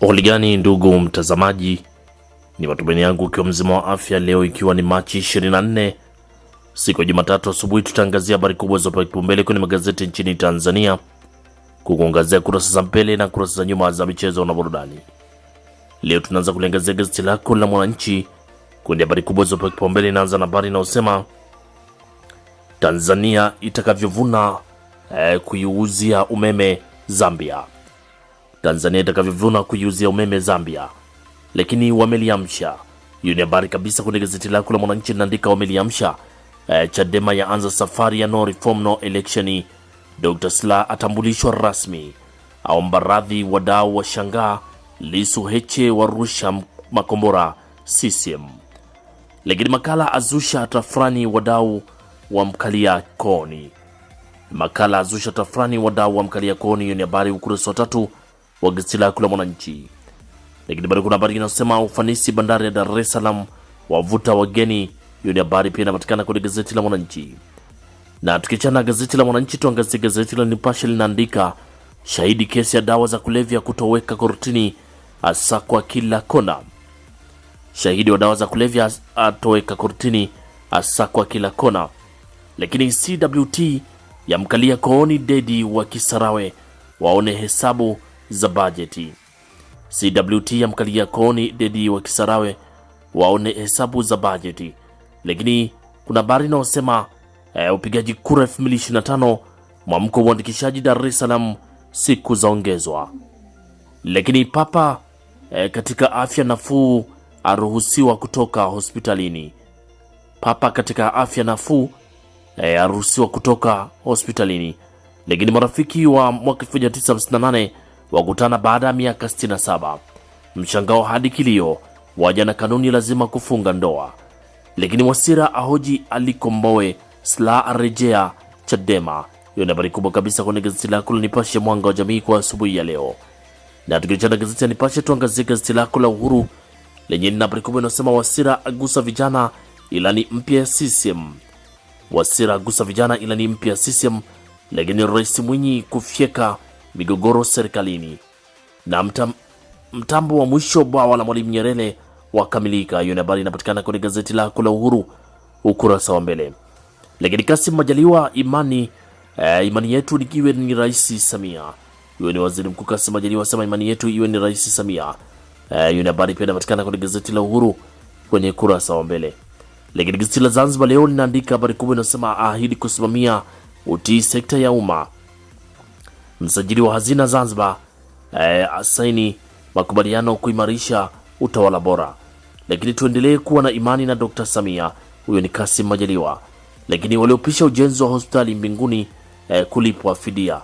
oligani ndugu mtazamaji, ni matumaini yangu ukiwa mzima wa afya. Leo ikiwa ni Machi 24 siku ya Jumatatu asubuhi, tutaangazia habari kubwa zopewa kipaumbele kwenye magazeti nchini Tanzania, kukuangazia kurasa za mbele na kurasa za nyuma za michezo na burudani. Leo tunaanza kuliangazia gazeti lako la Mwananchi kwenye habari kubwa zopewa kipaumbele. Inaanza na habari inayosema Tanzania itakavyovuna eh, kuiuzia umeme Zambia. Tanzania itakavyovuna kuiuzia umeme Zambia, lakini wameliamsha. Hiyo ni habari kabisa kwenye gazeti lako la Mwananchi linaandika wameliamsha. E, Chadema yaanza safari ya no reform no election. Dr. Sla atambulishwa rasmi, aomba radhi. Wadau wa shangaa Lisu Heche warusha makombora CCM. Lakini makala azusha tafrani, wadau wa mkalia koni. Makala azusha tafrani, wadau wa mkalia koni. Hiyo ni habari ukurasa wa tatu wa gazeti lako la Mwananchi. Lakini bado kuna habari inasema ufanisi bandari ya Dar es Salaam wavuta wageni. Hiyo ni habari pia inapatikana kwenye gazeti la Mwananchi. Na tukichana gazeti la Mwananchi, tuangazie gazeti la Nipashe linaandika shahidi kesi ya dawa za kulevya kutoweka kortini asakwa kila kona. Shahidi wa dawa za kulevya atoweka kortini asakwa kila kona. Lakini CWT yamkalia kooni dedi wa Kisarawe waone hesabu za bajeti. CWT ya mkalia koni dhidi wa Kisarawe waone hesabu za bajeti, lakini kuna habari inayosema e, upigaji kura 2025 mwamko wa uandikishaji Dar es Salaam siku zaongezwa. Lakini papa e, katika afya nafuu aruhusiwa kutoka hospitalini. Papa katika afya nafuu e, aruhusiwa kutoka hospitalini. Lakini marafiki wa mwaka 1958 wakutana baada ya miaka 67, mshangao hadi kilio, waja na kanuni lazima kufunga ndoa. Lakini Wasira ahoji alikomboe sla arejea Chadema. Hiyo ni habari kubwa kabisa kwenye gazeti lako la Nipashe Mwanga wa Jamii kwa asubuhi ya leo. Na tukichana gazeti ya Nipashe, tuangazie gazeti lako la Uhuru lenye ni habari kubwa inasema, Wasira agusa vijana ilani mpya ya CCM. Wasira agusa vijana ilani mpya ya CCM, lakini Rais Mwinyi kufyeka migogoro serikalini na mtam, mtambo wa mwisho bwawa la Mwalimu Nyerere wakamilika. Hiyo ni habari inapatikana kwenye gazeti lako la Uhuru ukurasa wa mbele. Lakini Kassim Majaliwa, imani e, imani yetu nikiwe ni Rais Samia. Huyo ni waziri mkuu Kassim Majaliwa asema imani yetu iwe ni Rais Samia. Eh, hiyo e, ni habari pia inapatikana kwenye gazeti la Uhuru kwenye kurasa wa mbele. Lakini gazeti la Zanzibar leo linaandika habari kubwa inasema, ahidi kusimamia utii sekta ya umma Msajili wa hazina Zanzibar e, asaini makubaliano kuimarisha utawala bora. Lakini tuendelee kuwa na imani na Dr. Samia, huyo ni Kasim Majaliwa. Lakini waliopisha ujenzi wa hospitali Mbinguni e, kulipwa fidia.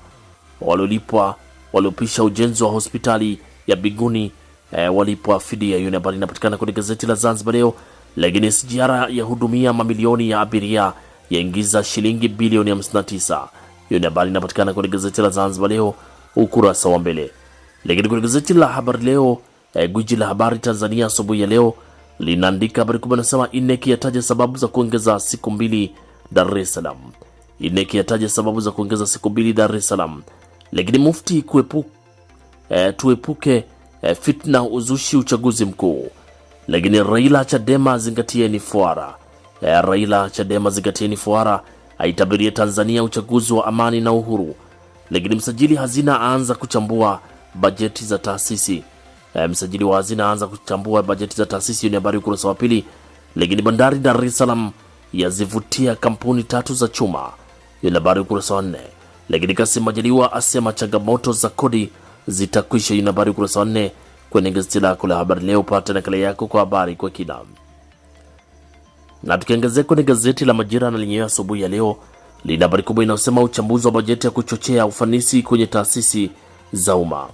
Waliolipwa waliopisha ujenzi wa hospitali ya Mbinguni e, walipwa fidia. Hiyo ni habari inapatikana kwenye gazeti la Zanzibar Leo. Lakini SGR yahudumia mamilioni ya abiria yaingiza shilingi bilioni 59. Hiyo ni habari inapatikana kwenye gazeti la Zanzibar Leo ukurasa wa mbele. Lakini kwenye gazeti la Habari Leo, eh, guji la habari Tanzania asubuhi ya leo linaandika habari kubwa, inasema INEC yataja sababu za kuongeza siku mbili Dar es Salaam. INEC yataja sababu za kuongeza siku mbili Dar es Salaam. Lakini mufti kuepu, eh, tuepuke eh, fitna uzushi uchaguzi mkuu. Lakini Raila Chadema zingatieni fuara. Eh, Raila Chadema zingatieni fuara aitabiria Tanzania uchaguzi wa amani na uhuru, lakini msajili hazina aanza kuchambua bajeti za taasisi. E, msajili wa hazina aanza kuchambua bajeti za taasisi. Ni habari ukurasa wa pili. Lakini bandari Dar es Salaam yazivutia kampuni tatu za chuma. Ni habari ukurasa wa nne. Lakini Kassim Majaliwa asema changamoto za kodi zitakwisha. Ni habari ukurasa wa nne kwenye gazeti lako la habari leo. Pata nakala yako kwa habari kwa kina. Na tukiangazia kwenye gazeti la Majira na lenyewe asubuhi ya leo lina habari kubwa inayosema uchambuzi wa bajeti ya kuchochea ufanisi kwenye taasisi za umma,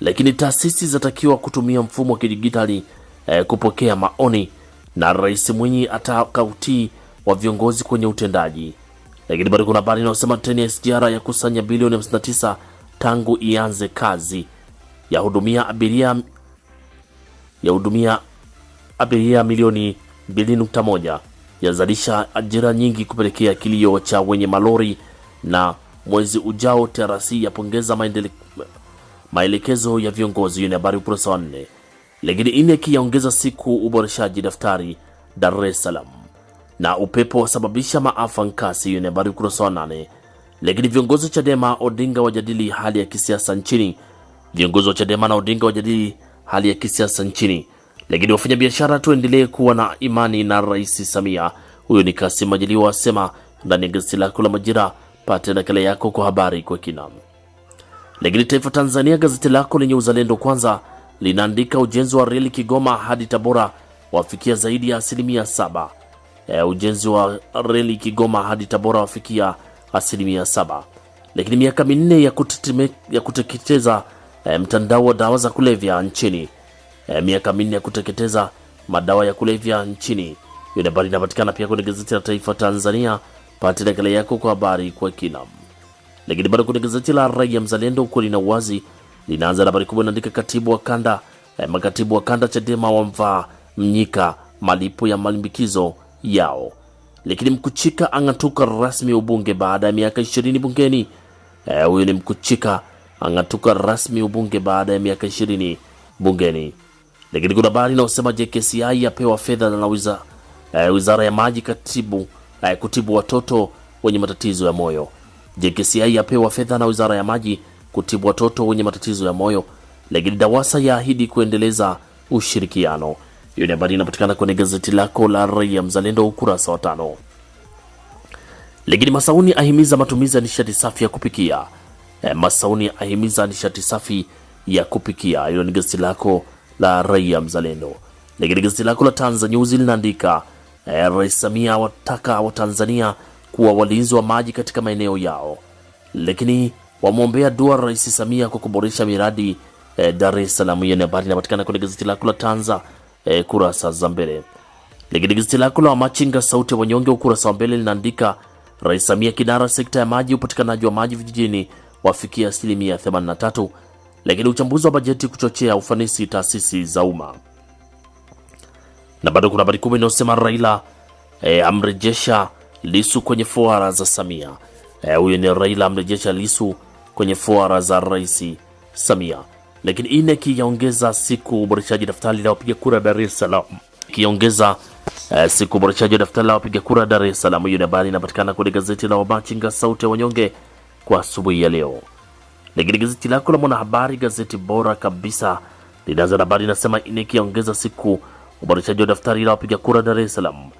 lakini taasisi zatakiwa kutumia mfumo wa kidijitali eh, kupokea maoni, na Rais Mwinyi ataka utii wa viongozi kwenye utendaji. Lakini bado kuna habari inayosema treni ya SGR ya kusanya bilioni 59 tangu ianze kazi, yahudumia abiria ya hudumia abiria milioni 2.1 yazalisha ajira nyingi kupelekea kilio cha wenye malori, na mwezi ujao TRC yapongeza maelekezo ya viongozi. Hiyo ni habari ukurasa wa nne. Lakini INEC yaongeza siku uboreshaji daftari Dar es Salaam, na upepo wasababisha maafa Nkasi. Hiyo ni habari ukurasa wa nane. Lakini viongozi wa Chadema Odinga wajadili hali ya kisiasa nchini. Viongozi wa Chadema na Odinga wajadili hali ya kisiasa nchini lakini wafanyabiashara tuendelee kuwa na imani na Rais Samia. Huyo ni Kassim Majaliwa asema ndani ya gazeti lako la Majira. Pate nakala yako kwa habari kwa kina. Lakini Taifa Tanzania, gazeti lako lenye uzalendo kwanza, linaandika ujenzi wa reli Kigoma hadi Tabora wafikia zaidi ya asilimia saba. E, ujenzi wa reli Kigoma hadi Tabora wafikia asilimia saba. Lakini miaka minne ya kuteketeza e, mtandao wa dawa za kulevya nchini eh, miaka minne ya kuteketeza madawa ya kulevya nchini. Hiyo ni habari inapatikana pia kwenye gazeti la Taifa Tanzania, pate nakala yako kwa habari kwa kina. Lakini bado kwenye gazeti la Raia Mzalendo, ukweli na uwazi, linaanza habari kubwa inaandika katibu wa kanda eh, makatibu wa kanda Chadema wamvaa Mnyika malipo ya malimbikizo yao. Lakini Mkuchika ang'atuka rasmi ubunge baada ya miaka ishirini bungeni. Eh, huyu e, ni Mkuchika ang'atuka rasmi ubunge baada ya miaka ishirini bungeni. Lakini kuna habari inayosema JKCI yapewa fedha na wiza, uh, eh, wizara ya maji katibu uh, kutibu watoto wenye matatizo ya moyo. JKCI yapewa fedha na wizara ya maji kutibu watoto wenye matatizo ya moyo. Lakini DAWASA yaahidi kuendeleza ushirikiano. Hiyo ni habari inapatikana kwenye gazeti lako la Raia Mzalendo ukurasa wa tano. Lakini Masauni ahimiza matumizi ya nishati safi ya kupikia. Eh, Masauni ahimiza nishati safi ya kupikia. Hiyo ni gazeti lako la Raia Mzalendo. Lakini gazeti lako la Tanzania News linaandika eh, Rais Samia awataka Watanzania kuwa walinzi wa maji katika maeneo yao, lakini wamwombea dua Rais Samia kwa kuboresha miradi eh, Dar es Salaam. Hiyo ni habari inapatikana kwenye gazeti lako la Tanza eh, kurasa za mbele. Lakini gazeti lako la Wamachinga sauti ya wanyonge ukurasa wa mbele linaandika Rais Samia kinara sekta ya maji, upatikanaji wa maji vijijini wafikia asilimia 83 lakini uchambuzi wa bajeti kuchochea ufanisi taasisi za umma. Na bado kuna habari kubwa inayosema Raila e, amrejesha Lisu kwenye fuara za Samia. Huyo e, ni Raila amrejesha Lisu kwenye fuara za Rais Samia. Lakini INEC yaongeza siku uboreshaji daftari la wapiga kura Dar es Salaam, kiongeza e, siku uboreshaji wa daftari la wapiga kura Dar es Salaam. Hiyo ni habari inapatikana kwenye gazeti la Wamachinga, sauti ya wanyonge, kwa asubuhi ya leo. Lakini gazeti lako la Mwanahabari, gazeti bora kabisa, linaanza na habari inasema INEC yaongeza siku uboreshaji wa daftari la wapiga kura Dar es Salaam.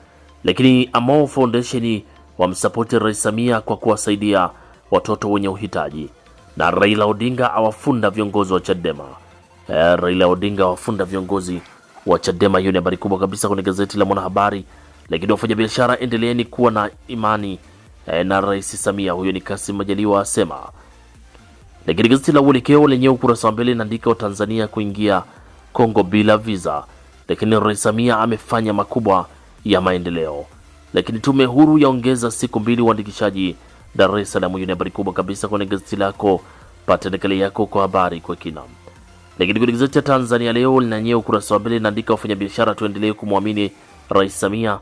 Lakini Amo Foundation wamsapoti Rais Samia kwa kuwasaidia watoto wenye uhitaji, na Raila Odinga awafunda viongozi wa Chadema. Eh, Raila Odinga awafunda viongozi wa Chadema. Hiyo ni habari kubwa kabisa kwenye gazeti la Mwanahabari. Lakini wafanyabiashara, endeleeni kuwa na imani eh, na Rais Samia. Huyo ni Kassim Majaliwa asema lakini gazeti la Uelekeo lenye ukurasa wa mbele inaandika Watanzania kuingia Kongo bila visa, lakini Rais Samia amefanya makubwa ya maendeleo. Lakini tume huru yaongeza siku mbili uandikishaji Dar es Salaam. Hiyo ni habari kubwa kabisa kwenye gazeti lako, pata nakala yako kwa habari kwa kina. Lakini kwenye gazeti ya Tanzania Leo linanyea ukurasa wa mbele inaandika wafanyabiashara tuendelee kumwamini Rais Samia.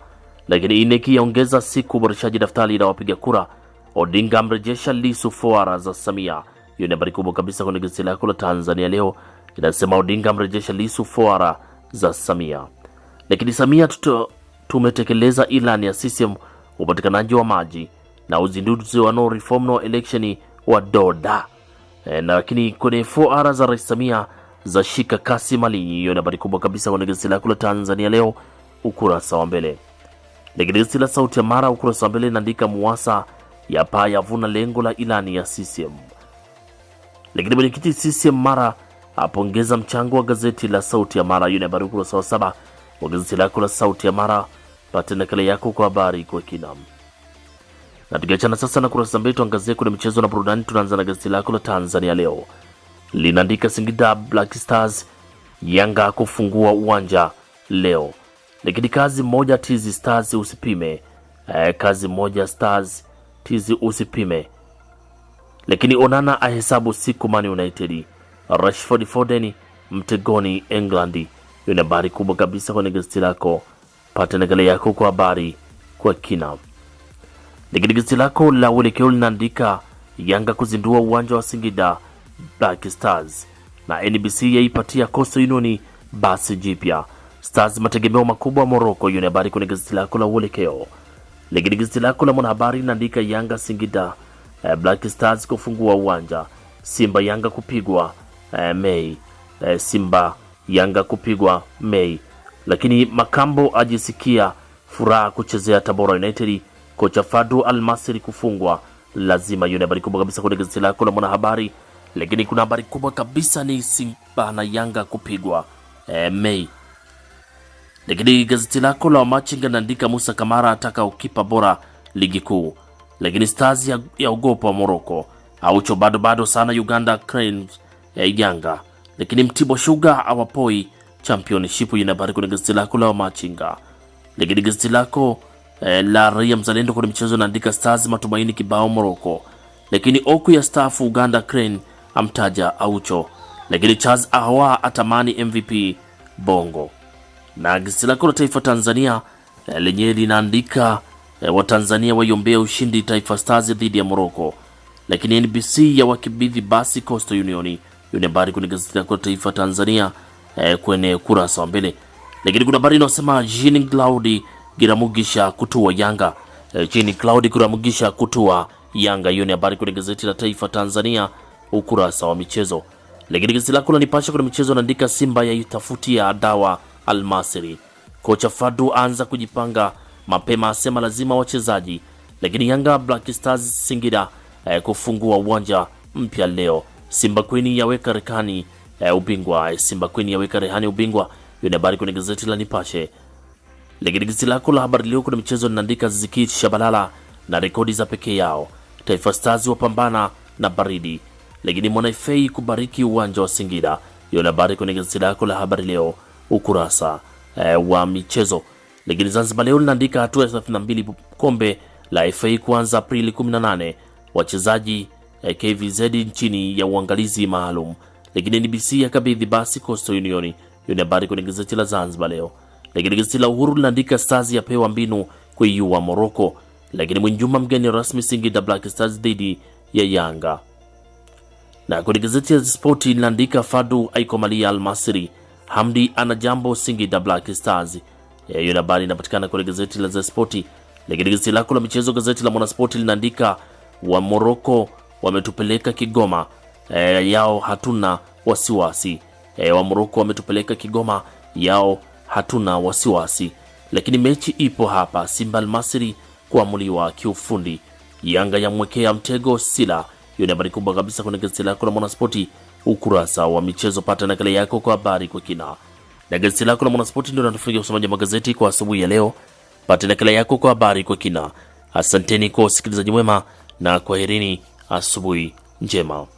Lakini ineki yaongeza siku uboreshaji daftari la wapiga kura. Odinga amrejesha Lissu fora za Samia. Hiyo ni habari kubwa kabisa kwenye gazeti lako la Tanzania Leo. Inasema Odinga mrejesha Lisu foara za Samia. Lakini Samia tuto, tumetekeleza ilani ya CCM upatikanaji wa maji na uzinduzi wa no reform no election wa Doda. E, na lakini kwenye foara za Rais Samia za shika kasi mali, Hiyo ni habari kubwa kabisa kwenye gazeti lako la Tanzania Leo ukurasa wa mbele. Lakini gazeti la Sauti ya Mara ukurasa wa mbele inaandika Muasa ya paa yavuna lengo la ilani ya CCM. Lakini mwenyekiti CCM Mara apongeza mchango wa gazeti la Sauti ya Mara. Hiyo ni habari ukurasa wa saba wa gazeti lako la Sauti ya Mara. Pate nakala yako kwa habari kwa kina. Na tukiachana sasa na kurasa mbili, tuangazie kwenye michezo na burudani. Tunaanza na gazeti lako la Tanzania Leo, linaandika Singida Black Stars Yanga kufungua uwanja leo, lakini kazi moja tizi Stars usipime. Eh, kazi moja Stars tizi usipime lakini Onana ahesabu siku Man United. Rashford Foden mtegoni England. Hiyo ni habari kubwa kabisa kwenye gazeti lako, pata nakala yako kwa habari kwa kina. Lakini gazeti lako la uelekeo linaandika Yanga kuzindua uwanja wa Singida Black Stars na NBC yaipatia Coastal Union basi jipya. Stars mategemeo makubwa Morocco. Hiyo ni habari kwenye gazeti lako la uelekeo. Lakini gazeti lako la mwanahabari linaandika Yanga Singida eh, Black Stars kufungua uwanja, Simba Yanga kupigwa eh, Mei eh, Simba Yanga kupigwa Mei. Lakini Makambo ajisikia furaha kuchezea Tabora United, kocha Fadu Almasiri kufungwa. Lazima hiyo ni habari kubwa kabisa kwenye gazeti lako la Mwanahabari, lakini kuna habari kubwa kabisa ni Simba na Yanga kupigwa eh, Mei. Lakini gazeti lako la Wamachinga linaandika Musa Kamara ataka ukipa bora ligi kuu lakini Stars ya, ya ugopa wa Morocco. Aucho bado bado sana Uganda Cranes ya Iganga, lakini Mtibwa Sugar awapoi championship. Inahabari kwenye gazeti lako la Machinga, lakini gazeti lako eh, la Raia Mzalendo kwenye michezo naandika Stars matumaini kibao Morocco, lakini oku ya staff Uganda Crane amtaja Aucho, lakini Charles Ahoua atamani MVP Bongo. Na gazeti lako la Taifa Tanzania eh, lenyewe linaandika Eh, Watanzania waiombea ushindi Taifa Stars dhidi ya Morocco, lakini NBC ya wakibidhi basi Coastal Union. Hiyo ni habari kwenye gazeti lako Taifa Tanzania eh, kwenye kurasa wa mbele. Lakini kuna habari inasema Jean Claude Giramugisha kutua Yanga. Eh, Jean Claude Giramugisha kutua Yanga. Hiyo ni habari kwenye gazeti la Taifa Tanzania ukurasa wa michezo. Lakini gazeti lako la Nipashe kwenye michezo naandika Simba yaitafutia dawa Almasri. Kocha Fadu anza kujipanga mapema asema lazima wachezaji, lakini Yanga Black Stars Singida eh, kufungua uwanja mpya leo. Simba Queen yaweka rekani eh, ubingwa. Eh, Simba Queen yaweka rehani ubingwa. Hiyo ni habari kwenye gazeti la Nipashe. Lakini gazeti lako la habari leo kuna michezo linaandika Ziki Shabalala na rekodi za pekee yao. Taifa Stars wapambana na baridi. Lakini Mwanaifei kubariki uwanja wa Singida. Hiyo ni habari kwenye gazeti lako la habari leo ukurasa eh, wa michezo. Lakini Zanzibar leo linaandika hatua ya 32 kombe la FA kuanza Aprili 18, wachezaji eh, KVZ chini ya uangalizi maalum. Lakini NBC yakabidhi basi Coastal Union. Hiyo ni habari kwenye gazeti la Zanzibar leo. Lakini gazeti la Uhuru linaandika Stars yapewa mbinu kuiua Morocco. Lakini Mwinjuma mgeni rasmi Singida Black Stars dhidi ya Yanga. Na kwenye gazeti ya Sport linaandika Fadu aikomalia Al Hamdi ana jambo Singida Black Stars. Eh, hiyo ni habari inapatikana kwenye gazeti la Zespoti. Lakini gazeti lako la michezo, gazeti la Mwanaspoti linaandika wa Moroko wametupeleka Kigoma, e, yao hatuna wasiwasi. E, wa Moroko wametupeleka Kigoma, yao hatuna wasiwasi. Lakini mechi ipo hapa, Simba Almasri kuamuliwa kiufundi, Yanga yamwekea mtego Sila. Hiyo ni habari kubwa kabisa kwenye gazeti lako la Mwanaspoti ukurasa wa michezo. Pata nakala yako kwa habari kwa kina na gazeti lako la Mwanaspoti ndio natufungia usomaji wa magazeti kwa asubuhi ya leo. Pate nakala yako kwa habari kwa kina. Asanteni kwa usikilizaji mwema na kwaherini, asubuhi njema.